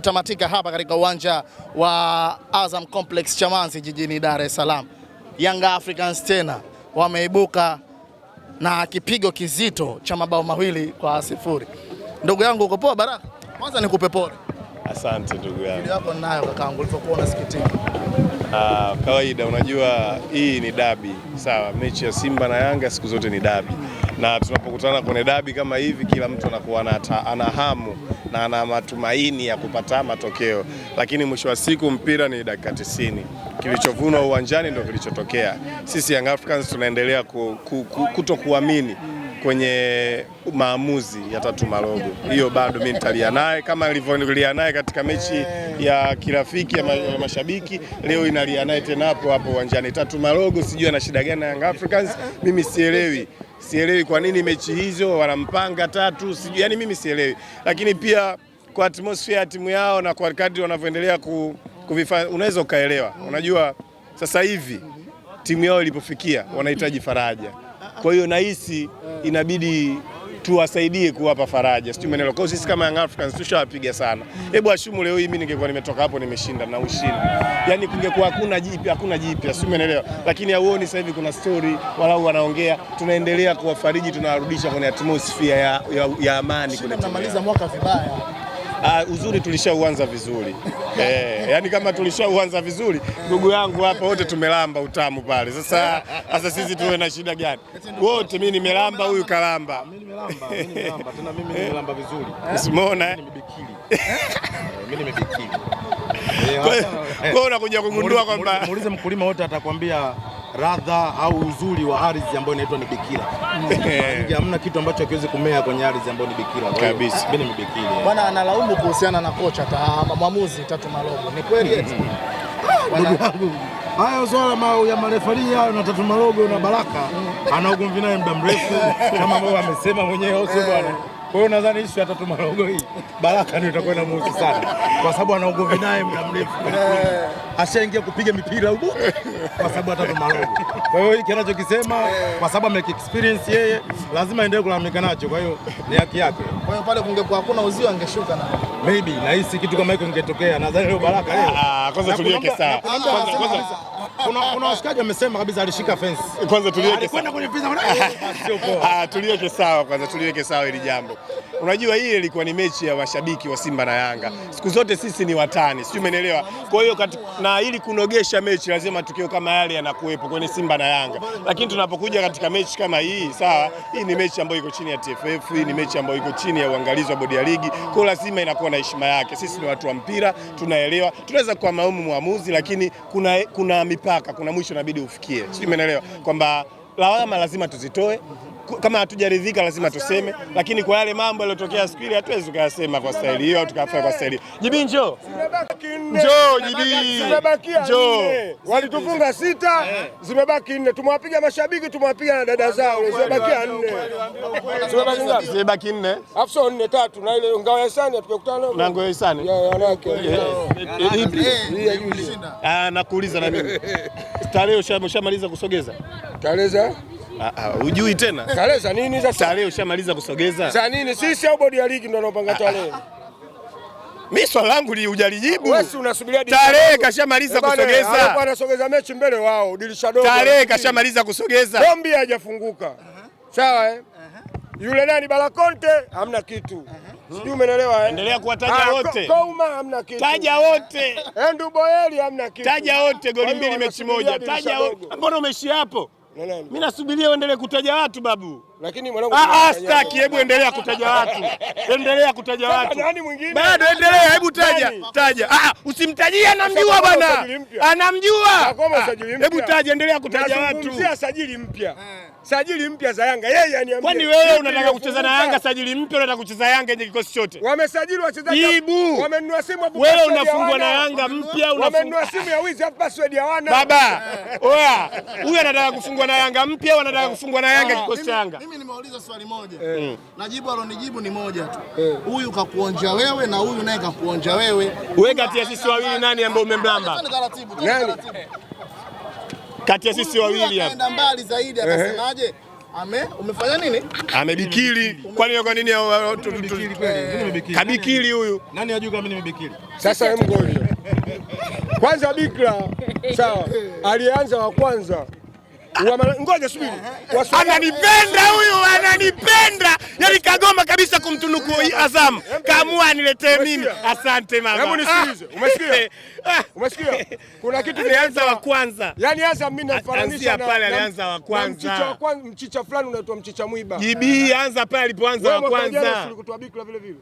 kutamatika hapa katika uwanja wa Azam Complex Chamazi jijini Dar es Salaam. Yanga Africans tena wameibuka na kipigo kizito cha mabao mawili kwa sifuri. Ndugu yangu uko poa Baraka? Kwanza nikupe pole. Asante ndugu yangu. Ndio yako ninayo kakaangu, ulipokuwa unasikitika. Ah, kawaida unajua hii ni dabi. Sawa, mechi ya Simba na Yanga siku zote ni dabi. Na tunapokutana kwenye dabi kama hivi kila mtu anakuwa ana hamu na ana matumaini ya kupata matokeo, lakini mwisho wa siku mpira ni dakika tisini. Kilichovunwa uwanjani ndio kilichotokea. Sisi Young Africans tunaendelea ku, ku, ku, kutokuamini kwenye maamuzi ya Tatu marogo Hiyo bado mimi nitalia naye kama nilivyolia naye katika mechi ya kirafiki ya mashabiki, leo inalia naye tena hapo hapo uwanjani. Tatu marogo sijui ana shida gani na Young Africans, mimi sielewi. Sielewi kwa nini mechi hizo wanampanga tatu, sijui yani, mimi sielewi, lakini pia kwa atmosphere ya timu yao na kwa kadri wanavyoendelea ku, kuvifanya unaweza ukaelewa. Unajua sasa hivi timu yao ilipofikia wanahitaji faraja, kwa hiyo nahisi inabidi tuwasaidie kuwapa faraja, sijui maneno Kwa sisi kama Young Africans tushawapiga sana. Hebu ashumu leo hii mimi ningekuwa nimetoka hapo nimeshinda na ushindi, yani kungekuwa hakuna jipya, hakuna jipi, sijui umeelewa. Lakini hauoni sasa hivi kuna story, walau wanaongea, tunaendelea kuwafariji, tunawarudisha kwenye atmosphere ya, ya, ya amani kule. Tunamaliza mwaka vibaya. Uh, uzuri tulishauanza vizuri eh, yani kama tulishauanza vizuri ndugu yangu hapa, wote tumelamba utamu pale. Sasa sasa sisi tuwe na shida gani? Wote mimi nimelamba, huyu kalamba nimelamba, mimi nimelamba tena mimi nimelamba vizuri. Eh? Usimona? Nimebikili. Eh? Mimi nimebikili. Eh, kwa unakuja kugundua kwamba muulize mkulima wote atakwambia radha au uzuri wa ardhi ambayo inaitwa ni bikira. Hamna kitu ambacho hakiwezi kumea kwenye ardhi ambayo ni bikira. Kabisa. Mimi ni bikira. Bwana analaumu kuhusiana na kocha ta mwamuzi Tatu Malobo. Ni kweli eti? Mm-hmm. Ah, Ndugu wangu Haya, swala ya marefari hayo na Tatu marogo na Baraka mm. ana ugomvi naye muda mrefu kama ambavyo amesema mwenyewe bwana. Eh. Kwa hiyo nadhani issue ya Tatu marogo hii Baraka ndio itakuwa inamuhusu sana, kwa sababu ana ugomvi naye muda mrefu, eh. ashaingia kupiga mipira huko kwa sababu ya Tatu marogo. Kwa hiyo hiki anachokisema, eh. kwa sababu experience yeye, lazima aendelee kulalamika nacho. Kwa hiyo ni haki yake. Kwa hiyo pale kungekuwa hakuna uzio, angeshuka na maybe nahisi kitu kama hicho ingetokea, nadhani leo Baraka leo ah, kwanza saa sawa kwanza kuna washikaji wamesema kabisa alishika fence. Kwanza tuliweke sawa. Kwenye pizza sio poa. Ah, ah, tuliweke sawa kwanza, tuliweke sawa hili jambo. Unajua hii ilikuwa ni mechi ya washabiki wa Simba na Yanga. Siku zote sisi ni watani, sio umeelewa. Kwa hiyo na ili kunogesha mechi lazima tukio kama yale yanakuwepo kwenye Simba na Yanga, lakini tunapokuja katika mechi kama hii, sawa, hii ni mechi ambayo iko chini ya TFF, hii ni mechi ambayo iko chini ya uangalizi wa bodi ya ligi, kwa lazima inakuwa na heshima yake. Sisi ni watu wa mpira, tunaelewa, tunaweza kuwa maumu mwamuzi, lakini kuna, kuna mipa mpaka kuna mwisho inabidi ufikie, sio? Umeelewa kwamba lawama lazima tuzitoe kama hatujaridhika lazima tuseme, lakini kwa yale mambo yaliyotokea siku ile hatuwezi tukayasema kwa staili hiyo tukafanya kwa staili Njo njo njoo, Jibi njoo. Walitufunga sita, eh. zimebaki nne. Tumewapiga mashabiki, tumewapiga na dada zao, zimebakia nne, zimebaki nne, afu sio nne tatu, na ile ngao ya hisani hatukutana na ngao ya hisani eh, eh, ah, nakuuliza na mimi tarehe ushamaliza kusogeza tarehe Ah, ah, hujui tena tarehe za nini sasa? Tarehe ushamaliza kusogeza za nini? Sisi au bodi ya ligi ndio wanaopanga ah, tarehe? Mimi swali langu li hujalijibu. Wewe unasubiria tarehe, kashamaliza eh kusogeza. Hapo anasogeza mechi mbele wao, dirisha dogo. Tarehe kashamaliza kusogeza. Bombi hajafunguka. Uh-huh. Sawa eh? Uh-huh. Yule nani Balakonte hamna kitu. Uh-huh. Sijui umeelewa eh? Endelea kuwataja wote. Kauma hamna kitu. Taja wote. Endu eh, Boyeli hamna kitu. Taja wote, goli mbili mechi moja. Taja wote. Mbona umeshia hapo? Mimi nasubiria uendelee kutaja watu babu. Lakini mwanangu, ah, ah staki. Hebu endelea kutaja watu, endelea kutaja watu, bado endelea. Hebu taja, taja. Ah, ah, usimtajie, anamjua bwana, anamjua. Ah, hebu taja, endelea kutaja watu. Sajili mpya. Eh sajili mpya za Yanga. Yeye aniambia. Kwani wewe unataka kucheza na Yanga sajili mpya, unataka kucheza Yanga yenye kikosi chote? Wamesajili wachezaji. Ibu. Wamenunua simu hapo. Wewe unafungwa na Yanga mpya, unafungwa. Wamenunua simu ya wizi hapo password ya wana. Baba. Oya. Huyu anataka kufungwa na Yanga mpya, wanataka kufungwa na Yanga kikosi cha Yanga. Mimi nimeuliza swali moja. Eh. Mm. Na jibu alonijibu ni moja tu. Eh. Huyu kakuonja wewe na huyu naye kakuonja wewe. Wewe kati ya sisi wawili nani ambaye umemlamba? Nani? kati ya sisi wawili hapa. Anaenda mbali zaidi akasemaje? Ame, umefanya nini? Amebikili. Kwa nini kwa nini kabikili huyu? Nani ajua kama mimi nimebikili? Sasa ngoja. Kwanza bikira sawa, alianza wa kwanza Ngoja subiri. Ananipenda huyu, ananipenda. Yaani kagoma kabisa kumtunuku Azam. Kaamua aniletee mimi. Asante mama. Hebu nisikilize. Ah. Umesikia? Ah. Umesikia? Kuna kitu kilianza wa kwanza. Yaani Azam mimi namfananisha na pale alianza wa kwanza. Mchicha wa kwanza, mchicha fulani unaitwa mchicha mwiba. Jibii anza pale alipoanza wa kwanza. Wewe unajua vile vile.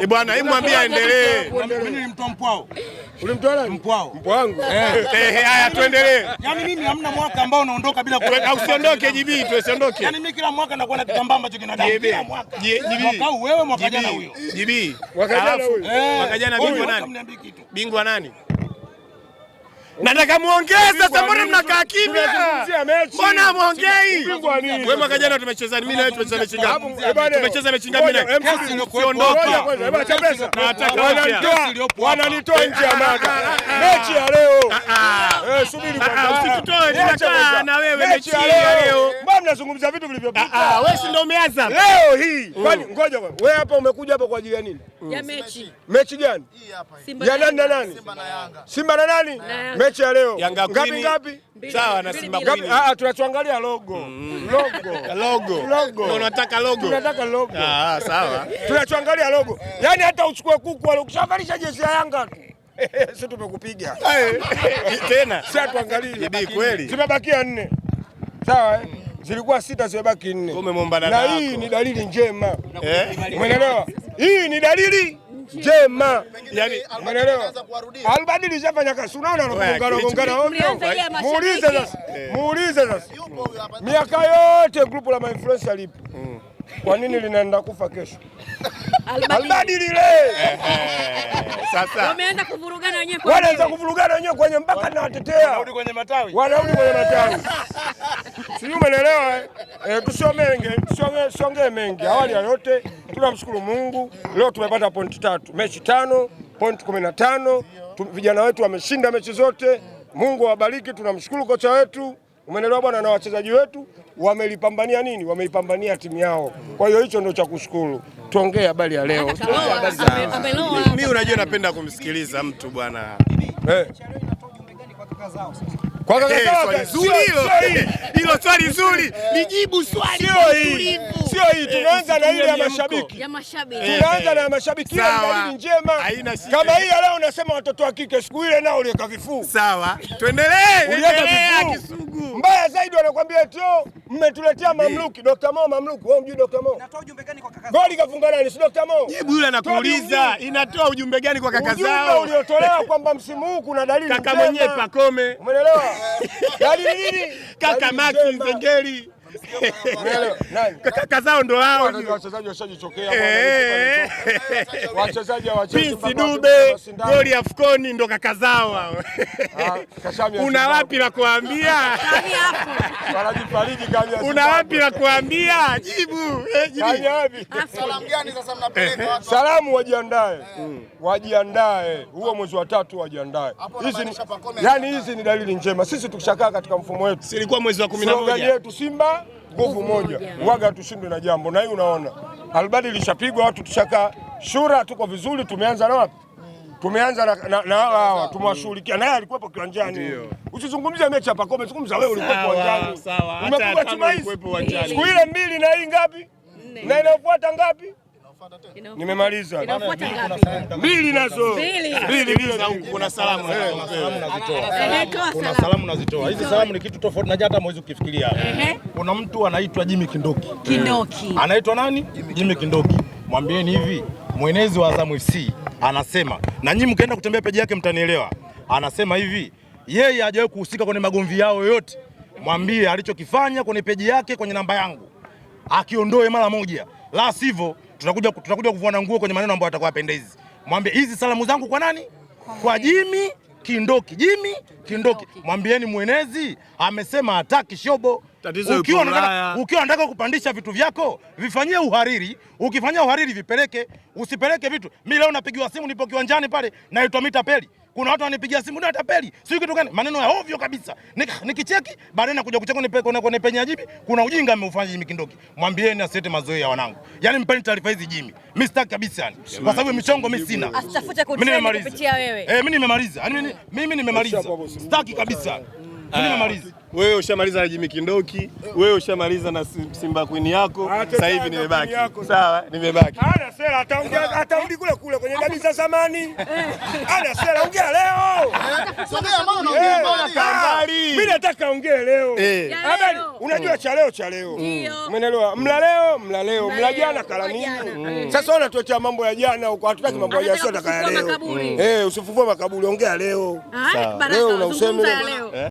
Eh, bwana, hebu mwambie aendelee. Mimi nilimtoa mpwao. Ulimtoa nani? Mpwao. Mpwangu. Eh. Eh, eh, haya tuendelee. Yaani mimi hamna mwaka ambao unaondoka bila kuweka. Usiondoke JB, tusiondoke. Yaani mimi kila mwaka nakuwa na kitambaa ambacho kinadamu kila mwaka. JB. Mwaka huu wewe, mwaka jana huyo. JB. Mwaka jana huyo. Mwaka jana bingwa nani? Bingwa nani? Nataka muongee sasa, mbona mnakaa kimya? Mbona muongei? Wewe mwaka jana tumecheza mimi na wewe tumecheza mechi ngapi? Tumecheza mechi ngapi na wewe? wewe acha pesa. siondoka. Wananitoa nje ya mada. Mechi ya leo. Ah, ah. Eh, subiri ah, kwanza. Usitoe nataka na wewe mechi ya leo. Mbona mnazungumza vitu vilivyopita? Ah, wewe si ndio umeanza? Leo hii. Mm. Kwani ngoja bwana. Wewe hapa umekuja hapa kwa ajili ya nini? Ya mechi. Mechi gani? Hii hapa hii. Ya nani na nani? Simba na Yanga. Simba na nani? mechi ya leo Yanga ngapi ngapi? Sawa na Simba Queen. Ah, ah tunachoangalia mm. logo. Logo. Logo. Logo. Unataka logo. Tunataka logo. Ah, ah sawa. Tunachoangalia logo. Yaani hata uchukue kuku wale ukishavalisha jezi ya Yanga tu. Sisi tumekupiga. Tena. Sasa tuangalie. Ni kweli. Zimebakia nne. Sawa eh? Mm. Zilikuwa sita zimebaki nne. Umemuomba na hii ni dalili njema. Eh? Umeelewa? Hii ni dalili njema. Yani Albani lishafanya kazi, unaona gongana gongana ovyo. Eh. Muulize sasa, muulize sasa, miaka yote grupu la mainfluencer lipo mm. kwa nini linaenda kufa kesho? Albani lile eh, eh, sasa wanaanza kuvurugana wenyewe kwenye mpaka na watetea, wanarudi kwenye matawi, wanarudi kwenye matawi, sijui umeelewa eh? mengi, awali ya yote tunamshukuru Mungu leo tumepata pointi tatu, mechi tano, pointi kumi na tano. Vijana wetu wameshinda mechi zote, Mungu awabariki. Tunamshukuru kocha wetu, umeelewa bwana, na wachezaji wetu wamelipambania nini, wameipambania timu yao. Kwa hiyo hicho ndio cha kushukuru. Tuongee habari ya leo. Mimi unajua napenda kumsikiliza mtu bwana eh. Kwa eh, kaka sawa nzuri hilo. Hilo swali zuri. Eh, nijibu swali sio utulivu. Sio hii, eh, tunaanza na ile ya mashabiki. Ya mashabiki. Tunaanza na ya mashabiki ile ni njema. Kama hii leo unasema watoto wa kike siku ile nao ile vifuu. Sawa. Tuendelee. Uliweka kisugu Mbaya zaidi wanakuambia tio mmetuletea mamluki Dr. Mo mamluki. Wewe mjui Dr. Mo? Inatoa ujumbe gani kwa kaka zao? Goli kafunga nani? Si Dr. Mo. Jibu yule anakuuliza inatoa ujumbe gani kwa kaka zao? Ujumbe uliotolewa kwamba msimu huu kuna dalili. Kaka mwenyewe pakome. Umeelewa? Dalili nini? Kaka maki Nzengeli kaka zao ndo hao wachezaji washajichokea, eh, wachezaji eh, eh. Prince Dube goli afukoni ndo kaka zao hao. Ah, Una wapi la kuambia? Yaani Una wapi la kuambia? Jibu salamu, wajiandae, hmm. wajiandae huo mwezi wa tatu, wajiandae. Hizi yani, hizi ni dalili njema. Sisi tukishakaa katika mfumo wetu, silikuwa mwezi wa 11 yetu Simba nguvu moja, waga tushindwe na jambo. Na hii unaona albadi lishapigwa, watu tushakaa shura, tuko vizuri. Tumeanza na wapi? Mm. Tumeanza na hawa tumewashughulikia, naye alikuwepo kiwanjani. Usizungumzie mechi hapa, umezungumza wewe, ulikuwa kiwanjani, umepigwa chimaizi siku ile mbili, na hii ngapi? na inayofuata ngapi? Nimemaliza mbili nazo mbili na huko kuna salamu kuna salamu nazitoa. Hizi salamu ni kitu tofauti, na hata mwezi ukifikiria kuna mtu anaitwa Jimmy Kindoki. Kindoki anaitwa nani? Jimmy Kindoki. Mwambieni hivi mwenezi wa Azam FC anasema, na nyinyi mkaenda kutembea peji yake mtanielewa. Anasema hivi yeye hajawahi kuhusika kwenye magomvi yao yote, mwambie alichokifanya kwenye peji yake kwenye namba yangu akiondoe mara moja la sivyo tutakuja tutakuja kuvuana nguo kwenye maneno ambayo atakuwa pendezi. Mwambie hizi salamu zangu kwa nani? Kwa Jimmy Kindoki. Jimmy Kindoki, mwambieni mwenezi amesema hataki shobo. Ukiwa unataka kupandisha vitu vyako vifanyie uhariri, ukifanyia uhariri vipeleke, usipeleke vitu. Mimi leo napigiwa simu, nipo kiwanjani pale, naitwa Mita Peli kuna watu wanipigia simu na tapeli, sio kitu gani, maneno ya ovyo kabisa. Nikicheki baadaye nakuja kucheka kwenye penye jibi, kuna ujinga ameufanya Jimmy Kindoki. Mwambieni asiete mazoea ya wanangu, yani mpeni taarifa hizi Jimmy. Mimi sitaki kabisa yani, kwa sababu michongo mimi sina, asitafute kupitia wewe. Eh, mimi nimemaliza, yani mimi nimemaliza, sitaki kabisa, ah. mimi nimemaliza wewe ushamaliza na Jimmy Kindoki, wewe ushamaliza na Simba Queen yako, ah, sasa hivi nimebaki. Sawa, nimebaki. ana sera, ataongea eh. atarudi kule kule kwenye dabi za zamani. Eh. Ana sera, ongea leo. mama, naongea Mimi nataka ongea leo. Eh. Habari, unajua mm. cha leo cha leo. Mm. Umeelewa? Mla leo, mla leo, mla jana kala nini? Mm. Sasa wewe unatuachia mambo ya jana huko, hatutaki mambo ya jana, sio taka ya leo. Eh, usifufue makaburi, ongea leo. Ah, Sawa, Leo unausema leo.